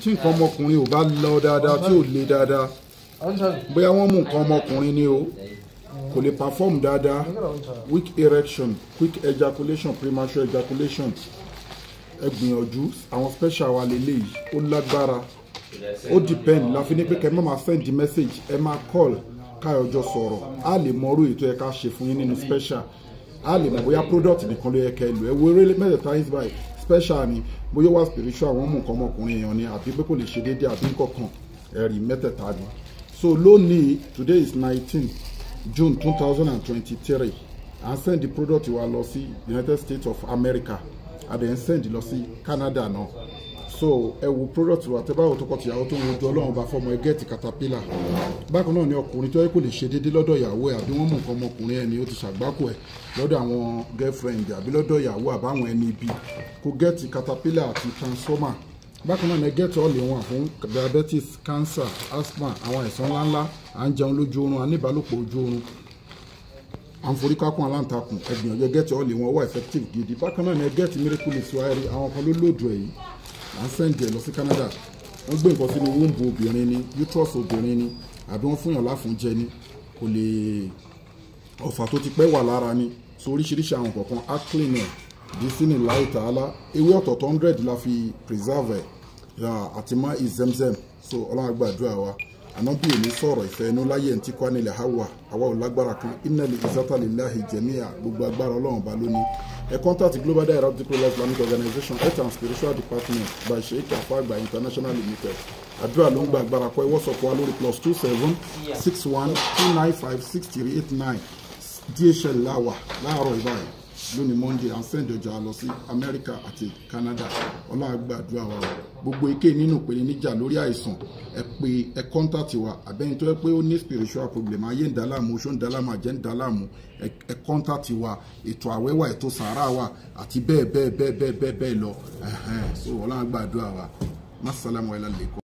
tí nǹkan ọmọkùnrin ò bá lọ dáadáa tí ò le dáadáa bóyá wọ́n mú nǹkan ọmọkùnrin ni o kò lè perform dáadáa weak erection quick ejaculation premature ejaculation ẹ àwọn special wa lélẹ́yìí ó lágbára ó depend la ní pé kẹ́ máa send message ẹ máa call káyọjọ sọ̀rọ̀ a lè mọ orú ètò ẹ̀ka ṣe fún yín nínú special a lè mọ̀ bóyá product nìkan ló yẹ kẹ́ lò ẹ wo eré mẹ́tẹ̀ẹ̀ta yín báyìí special ni bóyá wà spiritual wọ́n mú nǹkan ọmọkùnrin èèyàn ni àbí pé kò lè ṣe déédéé àbí nǹkan kan ẹ̀rí mẹ́tẹ̀ẹ̀ta ni so lónìí today is nineteen june two thousand and twenty-three and send the product wa lọ sí united states of america and then send lọ sí canada náà. No so ẹ wo product wa tẹ báwo tọkọtìyàwó tó wojú ọlọ́run bá fọmọ ẹ gẹ́ẹ̀tì caterpillar bákan náà ni ọkùnrin tó yẹ kó lè ṣe déédéé lọ́dọ̀ ìyàwó ẹ àbí wọ́n mú nǹkan ọmọkùnrin ẹ ni ó ti ṣàgbákò ẹ lọ́dọ̀ àwọn girlfriend àbí lọ́dọ̀ ìyàwó àbáwọn ẹni ibi kó gẹ́ẹ̀tì caterpillar àti transformer bákan náà ni gẹ́ẹ̀tì ọ̀lì wọn fún diabetes cancer asthma àwọn àìsàn ńláńlá à ń jẹun lójú oorun à ń ìbálòpọ̀ ojú oorun àǹforíkákùn aláǹtakùn ẹgbìyànjẹ gẹ́ẹ̀tì ọ̀lì wọn wà effective gidi bákan náà ni gẹ́ẹ̀tì miracle ìṣòwárí àwọn kan ló lòdù ẹ̀yìn à ń sẹ́ǹdì ẹ̀ lọ sí Canada wọ́n gbé nǹkan sínú wombo obìnrin ni uterus obìnrin ni àbí wọ́n fún yàn láfúnjẹ ni kò lè ọ̀fà tó ti pẹ́ wà lára ni so oríṣiríṣi àwọn kọ̀ọ̀kan aclin ẹ̀ disney láì tààlà ewé ọ̀tọ̀ọ̀tọ̀ hundred la fi preserve ẹ̀ àti má ìzẹ́mzẹ́m so ọlọ́run àgbàdúrà wa ànábì ò ní sọ̀rọ̀ ìfẹ́ inú láyé ntí kọ́ nílẹ̀ hawa àwa ò lágbára kan innal izzata lillahi jami'a gbogbo agbára ọlọ́run ba lónìí ẹ contact global dahira of dhikrullahi islamic organization health and spiritual department by sheikh afagba international limited àdúrà ló ń gba agbára kọ́ ẹ WhatsApp wa plus two seven six one two nine five six three eight nine dhl láwà láàárọ̀ ìbáyìí lónìí monday à ń sẹ́ǹdì ọjà lọ sí amẹ́ríkà àti canada ọlọ́àgbàdúrà wa gbogbo ike nínú ìpele níjà lórí àìsàn ẹ pé ẹ kọ́ńtàtì wa àbẹ́yìn tó yẹ pé ó ní spiritual problem ayé ń dáláàmú oṣó ń dáláàmú àjẹ́ ń dáláàmú ẹ kọ́ńtàtì wa ètò àwẹ́wà ètò sàárà wa àti bẹ́ẹ̀ bẹ́ẹ̀ bẹ́ẹ̀ bẹ́ẹ̀ bẹ́ẹ̀ lọ so wa má